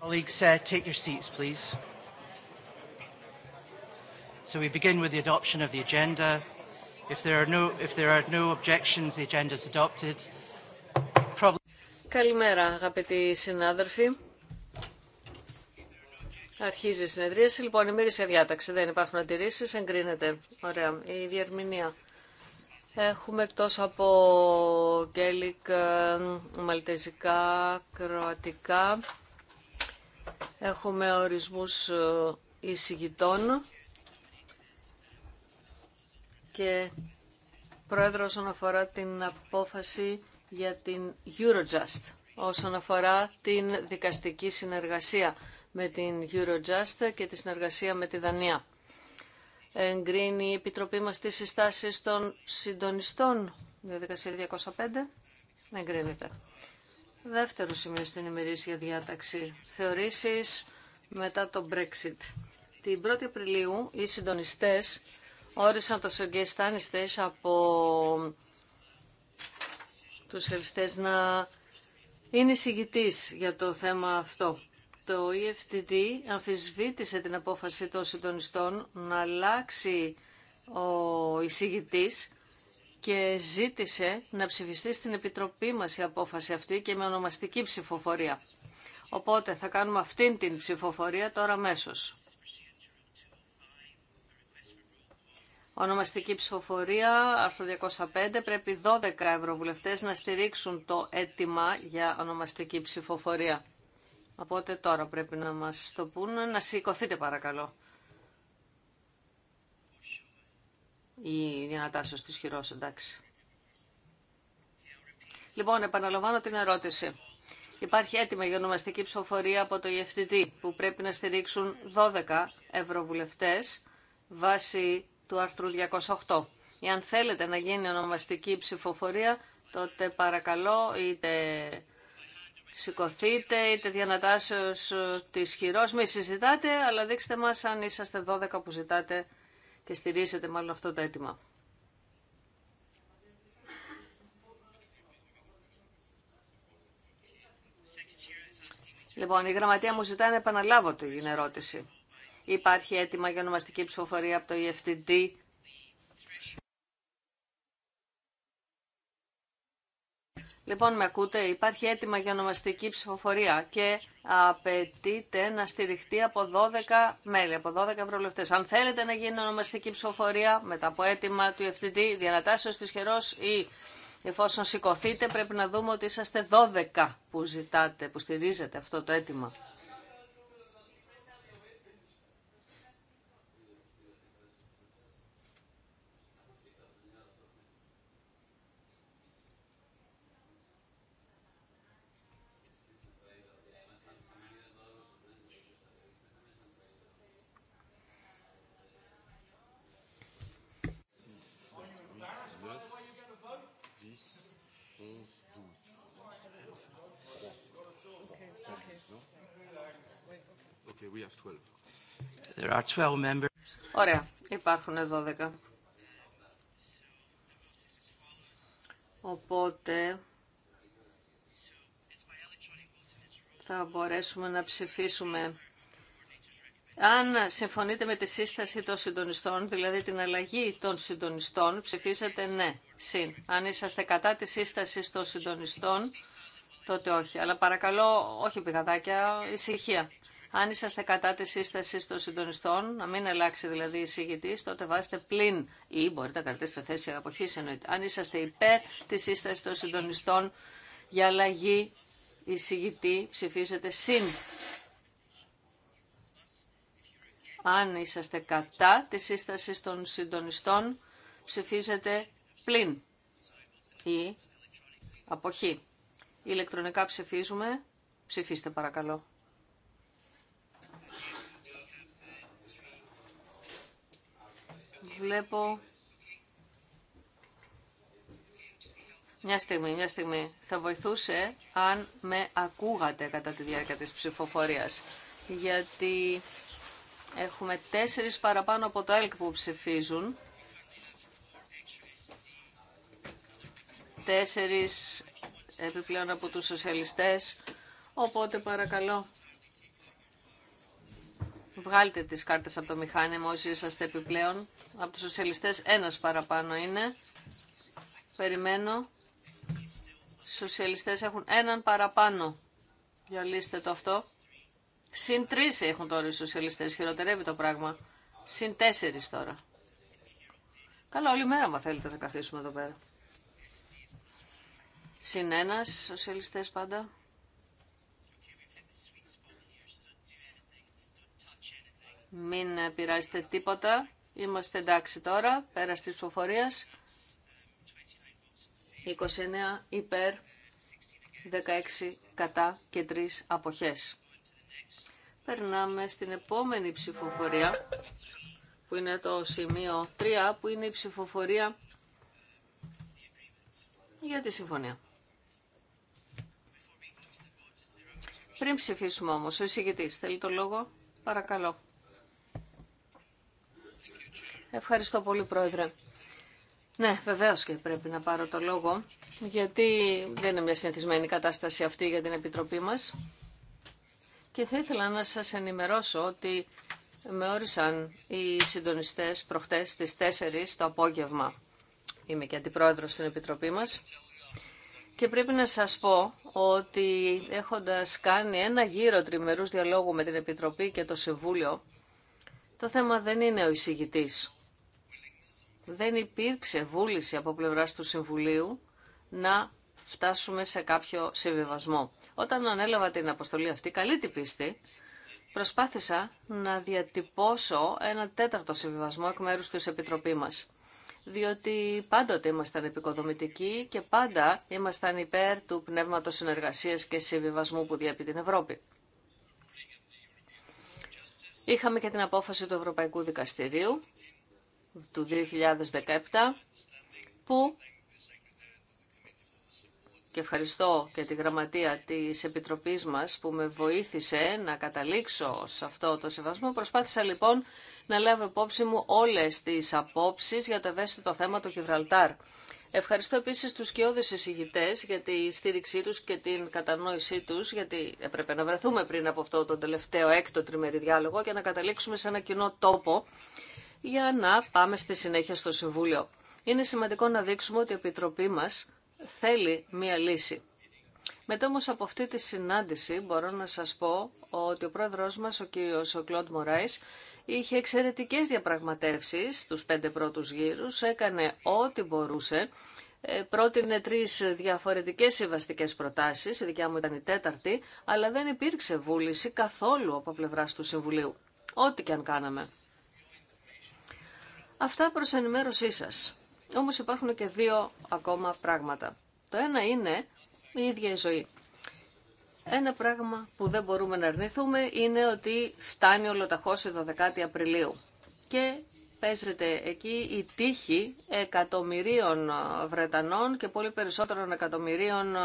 Colleagues, uh, take your seats, please. So we begin with the adoption of the agenda. If there are no, if there are no objections, the agenda is adopted. Probably... Καλημέρα, αγαπητοί συνάδελφοι. Αρχίζει η συνεδρίαση. Λοιπόν, η σε διάταξη. Δεν υπάρχουν αντιρρήσει. Εγκρίνεται. Ωραία. Η διερμηνία. Έχουμε εκτός από γκέλικ, ε, μαλτεζικά, κροατικά, Έχουμε ορισμούς ε, εισηγητών και πρόεδρο όσον αφορά την απόφαση για την Eurojust, όσον αφορά την δικαστική συνεργασία με την Eurojust και τη συνεργασία με τη Δανία. Εγκρίνει η Επιτροπή μας τις συστάσεις των συντονιστών, διαδικασία 205, εγκρίνεται. Δεύτερο σημείο στην ημερήσια διάταξη. Θεωρήσεις μετά το Brexit. Την 1η Απριλίου οι συντονιστές όρισαν το Σεργέ Στάνιστες από τους ελιστές να είναι εισηγητής για το θέμα αυτό. Το EFTD αμφισβήτησε την απόφαση των συντονιστών να αλλάξει ο εισηγητής και ζήτησε να ψηφιστεί στην Επιτροπή μας η απόφαση αυτή και με ονομαστική ψηφοφορία. Οπότε θα κάνουμε αυτήν την ψηφοφορία τώρα αμέσω. Ονομαστική ψηφοφορία, άρθρο 205, πρέπει 12 ευρωβουλευτές να στηρίξουν το αίτημα για ονομαστική ψηφοφορία. Οπότε τώρα πρέπει να μας το πούν, να σηκωθείτε παρακαλώ. η διανατάσσεως της χειρός, εντάξει. Λοιπόν, επαναλαμβάνω την ερώτηση. Υπάρχει έτοιμη για ονομαστική ψηφοφορία από το EFTD που πρέπει να στηρίξουν 12 ευρωβουλευτές βάσει του άρθρου 208. Εάν θέλετε να γίνει ονομαστική ψηφοφορία, τότε παρακαλώ είτε σηκωθείτε, είτε διανατάσεως της χειρός, μη συζητάτε, αλλά δείξτε μας αν είσαστε 12 που ζητάτε και στηρίζετε μάλλον αυτό το αίτημα. Λοιπόν, η γραμματεία μου ζητάει να επαναλάβω την ερώτηση. Υπάρχει αίτημα για ονομαστική ψηφοφορία από το EFTD Λοιπόν, με ακούτε, υπάρχει έτοιμα για ονομαστική ψηφοφορία και απαιτείται να στηριχτεί από 12 μέλη, από 12 ευρωβουλευτέ. Αν θέλετε να γίνει ονομαστική ψηφοφορία μετά από αίτημα του FTD, διανατάσσεω τη χερό ή εφόσον σηκωθείτε, πρέπει να δούμε ότι είσαστε 12 που ζητάτε, που στηρίζετε αυτό το αίτημα. 12 Ωραία, υπάρχουν 12. Οπότε θα μπορέσουμε να ψηφίσουμε αν συμφωνείτε με τη σύσταση των συντονιστών, δηλαδή την αλλαγή των συντονιστών, ψηφίζετε ναι, συν. Αν είσαστε κατά τη σύσταση των συντονιστών, τότε όχι. Αλλά παρακαλώ, όχι πηγαδάκια, ησυχία. Αν είσαστε κατά τη σύσταση των συντονιστών, να μην αλλάξει δηλαδή η εισηγητή, τότε βάζετε πλην ή μπορείτε να κρατήσετε θέση αποχή Αν είσαστε υπέρ τη σύσταση των συντονιστών για αλλαγή εισηγητή, ψηφίζετε συν. Αν είσαστε κατά τη σύσταση των συντονιστών, ψηφίζετε πλην ή αποχή. Ηλεκτρονικά ψηφίζουμε. Ψηφίστε παρακαλώ. βλέπω... Μια στιγμή, μια στιγμή. Θα βοηθούσε αν με ακούγατε κατά τη διάρκεια της ψηφοφορίας. Γιατί έχουμε τέσσερις παραπάνω από το ΕΛΚ που ψηφίζουν. Τέσσερις επιπλέον από τους σοσιαλιστές. Οπότε παρακαλώ Βγάλτε τις κάρτες από το μηχάνημα όσοι είσαστε επιπλέον. Από τους σοσιαλιστές ένας παραπάνω είναι. Περιμένω. Οι σοσιαλιστές έχουν έναν παραπάνω. Για λύστε το αυτό. Συν τρεις έχουν τώρα οι σοσιαλιστές. Χειροτερεύει το πράγμα. Συν τέσσερις τώρα. Καλά όλη μέρα μα θέλετε θα καθίσουμε εδώ πέρα. Συν ένας σοσιαλιστές πάντα. Μην πειράζετε τίποτα. Είμαστε εντάξει τώρα, πέρα τη ψηφοφορία. 29 υπέρ, 16 κατά και 3 αποχές. Περνάμε στην επόμενη ψηφοφορία, που είναι το σημείο 3, που είναι η ψηφοφορία για τη συμφωνία. Πριν ψηφίσουμε όμως, ο εισηγητής θέλει το λόγο, παρακαλώ. Ευχαριστώ πολύ, Πρόεδρε. Ναι, βεβαίω και πρέπει να πάρω το λόγο, γιατί δεν είναι μια συνηθισμένη κατάσταση αυτή για την Επιτροπή μας. Και θα ήθελα να σας ενημερώσω ότι με όρισαν οι συντονιστές προχτές στις 4 το απόγευμα. Είμαι και αντιπρόεδρος στην Επιτροπή μας. Και πρέπει να σας πω ότι έχοντας κάνει ένα γύρο τριμερούς διαλόγου με την Επιτροπή και το Συμβούλιο, το θέμα δεν είναι ο εισηγητής δεν υπήρξε βούληση από πλευράς του Συμβουλίου να φτάσουμε σε κάποιο συμβιβασμό. Όταν ανέλαβα την αποστολή αυτή, καλή την πίστη, προσπάθησα να διατυπώσω ένα τέταρτο συμβιβασμό εκ μέρου της Επιτροπή μα. Διότι πάντοτε ήμασταν επικοδομητικοί και πάντα ήμασταν υπέρ του πνεύματος συνεργασίας και συμβιβασμού που διέπει την Ευρώπη. Είχαμε και την απόφαση του Ευρωπαϊκού Δικαστηρίου του 2017 που και ευχαριστώ και τη γραμματεία της Επιτροπής μας που με βοήθησε να καταλήξω σε αυτό το σεβασμό. Προσπάθησα λοιπόν να λάβω υπόψη μου όλες τις απόψεις για το ευαίσθητο θέμα του Γιβραλτάρ. Ευχαριστώ επίσης τους σκιώδες εισηγητές για τη στήριξή τους και την κατανόησή τους, γιατί έπρεπε να βρεθούμε πριν από αυτό τον τελευταίο έκτο τριμερή διάλογο και να καταλήξουμε σε ένα κοινό τόπο για να πάμε στη συνέχεια στο Συμβούλιο. Είναι σημαντικό να δείξουμε ότι η Επιτροπή μας θέλει μία λύση. Μετά όμως από αυτή τη συνάντηση μπορώ να σας πω ότι ο πρόεδρος μας, ο κύριος Κλοντ Μωράης, είχε εξαιρετικές διαπραγματεύσεις στους πέντε πρώτους γύρους, έκανε ό,τι μπορούσε, ε, πρότεινε τρεις διαφορετικές συμβαστικέ προτάσεις, η δικιά μου ήταν η τέταρτη, αλλά δεν υπήρξε βούληση καθόλου από πλευρά του Συμβουλίου, ό,τι και αν κάναμε. Αυτά προς ενημέρωσή σας. Όμως υπάρχουν και δύο ακόμα πράγματα. Το ένα είναι η ίδια η ζωή. Ένα πράγμα που δεν μπορούμε να αρνηθούμε είναι ότι φτάνει ολοταχώς η 12η Απριλίου και παίζεται εκεί η τύχη εκατομμυρίων ε, Βρετανών και πολύ περισσότερων εκατομμυρίων ε,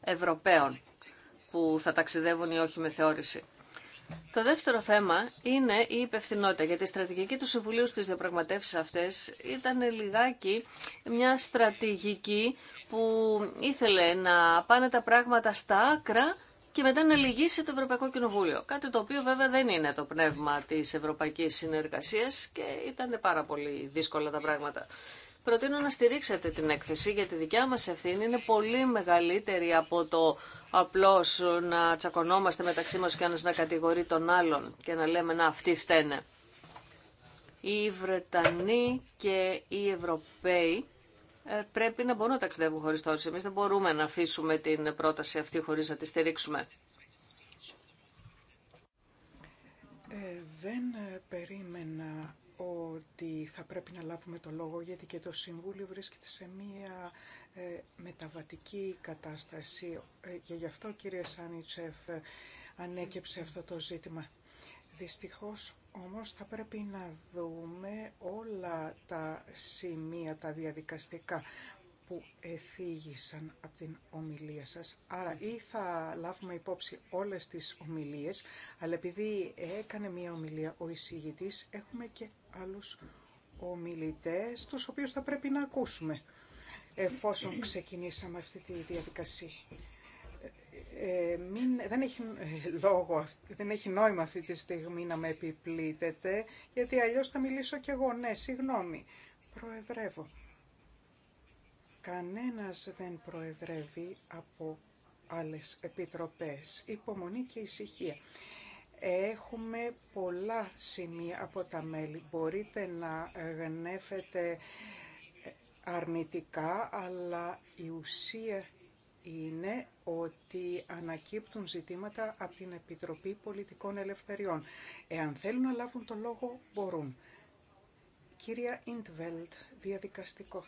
Ευρωπαίων που θα ταξιδεύουν ή όχι με θεώρηση. Το δεύτερο θέμα είναι η υπευθυνότητα, γιατί η στρατηγική του Συμβουλίου στις διαπραγματεύσεις αυτές ήταν λιγάκι μια στρατηγική που ήθελε να πάνε τα πράγματα στα άκρα και μετά να λυγίσει το Ευρωπαϊκό Κοινοβούλιο. Κάτι το οποίο βέβαια δεν είναι το πνεύμα της Ευρωπαϊκής Συνεργασίας και ήταν πάρα πολύ δύσκολα τα πράγματα προτείνω να στηρίξετε την έκθεση γιατί η δικιά μας ευθύνη είναι πολύ μεγαλύτερη από το απλώς να τσακωνόμαστε μεταξύ μας και ένας να κατηγορεί τον άλλον και να λέμε να αυτοί φταίνε. Οι Βρετανοί και οι Ευρωπαίοι ε, πρέπει να μπορούν να ταξιδεύουν χωρίς τόρους. Εμείς δεν μπορούμε να αφήσουμε την πρόταση αυτή χωρίς να τη στηρίξουμε. Ε, δεν περίμενα ότι θα πρέπει να λάβουμε το λόγο γιατί και το Συμβούλιο βρίσκεται σε μία ε, μεταβατική κατάσταση ε, και γι' αυτό κύριε Σάνιτσεφ ανέκεψε αυτό το ζήτημα. Δυστυχώς όμως θα πρέπει να δούμε όλα τα σημεία, τα διαδικαστικά που εθίγησαν από την ομιλία σας. Άρα ή θα λάβουμε υπόψη όλες τις ομιλίες, αλλά επειδή έκανε μία ομιλία ο εισηγητής, έχουμε και άλλους ομιλητές, τους οποίους θα πρέπει να ακούσουμε εφόσον ξεκινήσαμε αυτή τη διαδικασία. Ε, ε, δεν, έχει ε, λόγο, δεν έχει νόημα αυτή τη στιγμή να με επιπλήτετε, γιατί αλλιώς θα μιλήσω κι εγώ. Ναι, συγγνώμη, προεδρεύω. Κανένας δεν προεδρεύει από άλλες επιτροπές. Υπομονή και ησυχία. Έχουμε πολλά σημεία από τα μέλη. Μπορείτε να γνέφετε αρνητικά, αλλά η ουσία είναι ότι ανακύπτουν ζητήματα από την Επιτροπή Πολιτικών Ελευθεριών. Εάν θέλουν να λάβουν το λόγο, μπορούν. Κυρία Ιντβέλτ, διαδικαστικό.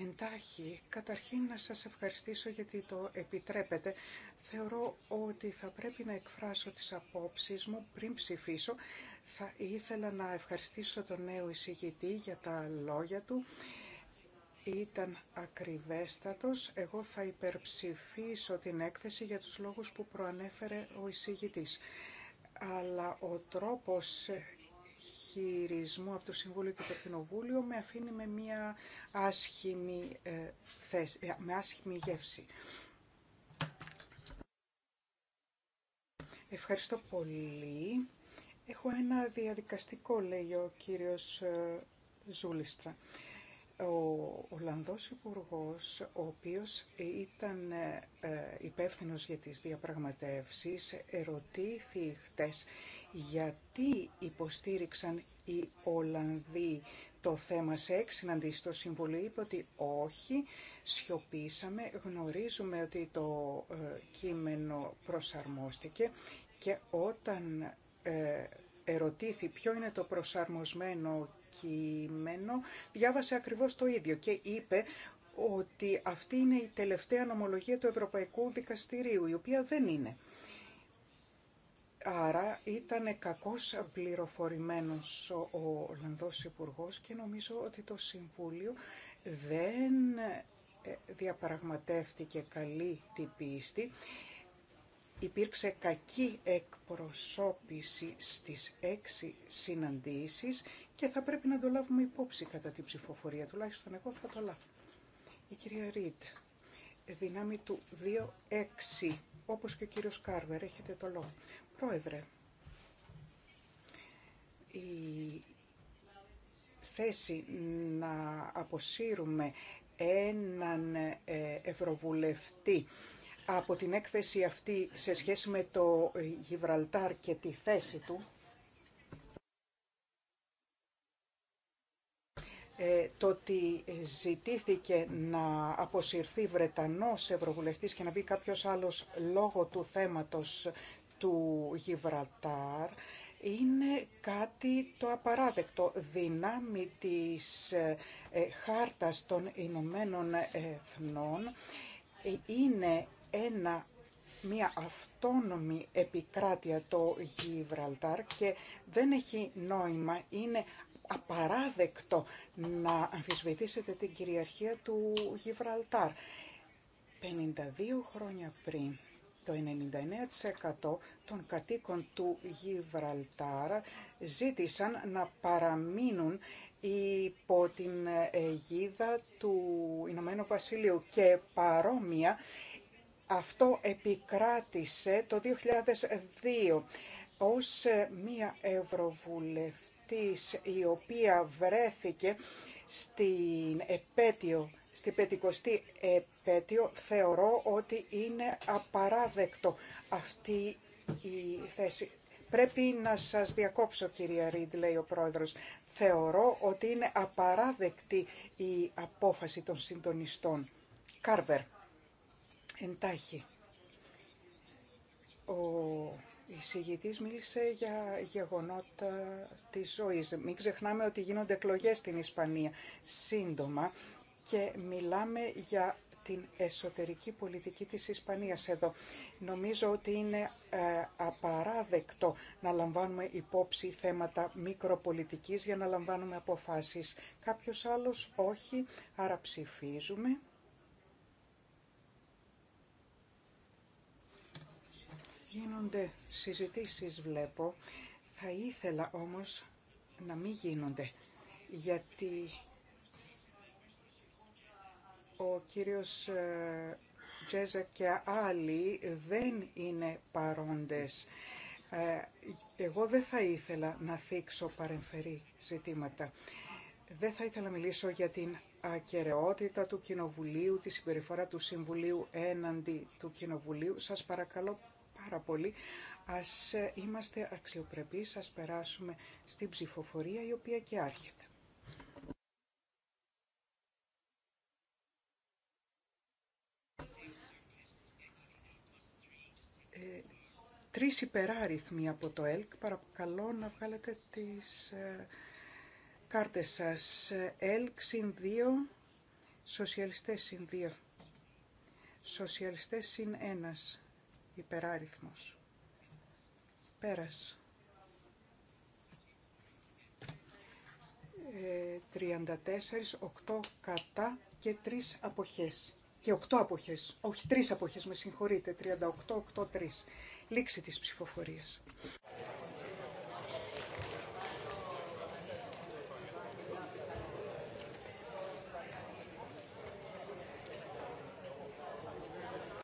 Εντάχει, καταρχήν να σας ευχαριστήσω γιατί το επιτρέπετε. Θεωρώ ότι θα πρέπει να εκφράσω τις απόψεις μου πριν ψηφίσω. Θα ήθελα να ευχαριστήσω τον νέο εισηγητή για τα λόγια του. Ήταν ακριβέστατος. Εγώ θα υπερψηφίσω την έκθεση για τους λόγους που προανέφερε ο εισηγητής αλλά ο τρόπος από το Συμβούλιο και το Κοινοβούλιο με αφήνει με μια άσχημη, ε, ε, με άσχημη γεύση. Ευχαριστώ πολύ. Έχω ένα διαδικαστικό, λέει ο κύριος ε, Ζούλιστρα ο Ολλανδός Υπουργό, ο οποίος ήταν ε, υπεύθυνος για τις διαπραγματεύσεις, ερωτήθη χτες γιατί υποστήριξαν οι Ολλανδοί το θέμα σε έξι στο Συμβουλίο. Είπε ότι όχι, σιωπήσαμε, γνωρίζουμε ότι το ε, κείμενο προσαρμόστηκε και όταν ε, ερωτήθη ποιο είναι το προσαρμοσμένο κείμενο διάβασε ακριβώς το ίδιο και είπε ότι αυτή είναι η τελευταία νομολογία του Ευρωπαϊκού Δικαστηρίου, η οποία δεν είναι. Άρα ήταν κακώς πληροφορημένος ο Ολλανδός υπουργό και νομίζω ότι το Συμβούλιο δεν ε, διαπραγματεύτηκε καλή την πίστη. Υπήρξε κακή εκπροσώπηση στις έξι συναντήσεις και θα πρέπει να το λάβουμε υπόψη κατά την ψηφοφορία, τουλάχιστον εγώ θα το λάβω. Η κυρία Ρίτ, δυνάμει του 2-6, όπως και ο κύριος Κάρβερ, έχετε το λόγο. Πρόεδρε, η θέση να αποσύρουμε έναν ε, ευρωβουλευτή από την έκθεση αυτή σε σχέση με το Γιβραλτάρ και τη θέση του, Ε, το ότι ζητήθηκε να αποσυρθεί Βρετανός Ευρωβουλευτής και να μπει κάποιος άλλος λόγω του θέματος του Γιβραλτάρ είναι κάτι το απαράδεκτο. Δυνάμει της ε, ε, χάρτας των Ηνωμένων Εθνών είναι ένα μια αυτόνομη επικράτεια το Γιβραλτάρ και δεν έχει νόημα, είναι απαράδεκτο να αμφισβητήσετε την κυριαρχία του Γιβραλτάρ. 52 χρόνια πριν, το 99% των κατοίκων του Γιβραλτάρ ζήτησαν να παραμείνουν υπό την αιγίδα του Ηνωμένου Βασιλείου και παρόμοια αυτό επικράτησε το 2002 ως μία ευρωβουλευτή η οποία βρέθηκε στην επέτειο, στην πετικοστή επέτειο, θεωρώ ότι είναι απαράδεκτο αυτή η θέση. Πρέπει να σας διακόψω, κυρία Ρίντ, λέει ο πρόεδρος. Θεωρώ ότι είναι απαράδεκτη η απόφαση των συντονιστών. Κάρβερ, εντάχει. Ο η συγητή μίλησε για γεγονότα τη ζωή. Μην ξεχνάμε ότι γίνονται εκλογέ στην Ισπανία σύντομα και μιλάμε για την εσωτερική πολιτική της Ισπανίας εδώ. Νομίζω ότι είναι ε, απαράδεκτο να λαμβάνουμε υπόψη θέματα μικροπολιτικής για να λαμβάνουμε αποφάσεις. Κάποιος άλλος όχι, άρα ψηφίζουμε. Γίνονται συζητήσεις βλέπω, θα ήθελα όμως να μην γίνονται, γιατί ο κύριος ε, Τζέζα και άλλοι δεν είναι παρόντες. Ε, εγώ δεν θα ήθελα να θίξω παρεμφερή ζητήματα. Δεν θα ήθελα να μιλήσω για την ακαιρεότητα του Κοινοβουλίου, τη συμπεριφορά του Συμβουλίου έναντι του Κοινοβουλίου. Σας παρακαλώ πάρα πολύ. Ας ε, είμαστε αξιοπρεπείς, ας περάσουμε στην ψηφοφορία η οποία και άρχεται. Ε, τρεις υπεράριθμοι από το ΕΛΚ, παρακαλώ να βγάλετε τις ε, κάρτες σας. ΕΛΚ συν 2, σοσιαλιστές συν 2, σοσιαλιστές συν 1 υπεράριθμος. Πέρας. 34, ε, 8 κατά και 3 αποχές. Και 8 αποχές, όχι 3 αποχές, με συγχωρείτε, 38, 8, 3. Λήξη της ψηφοφορίας.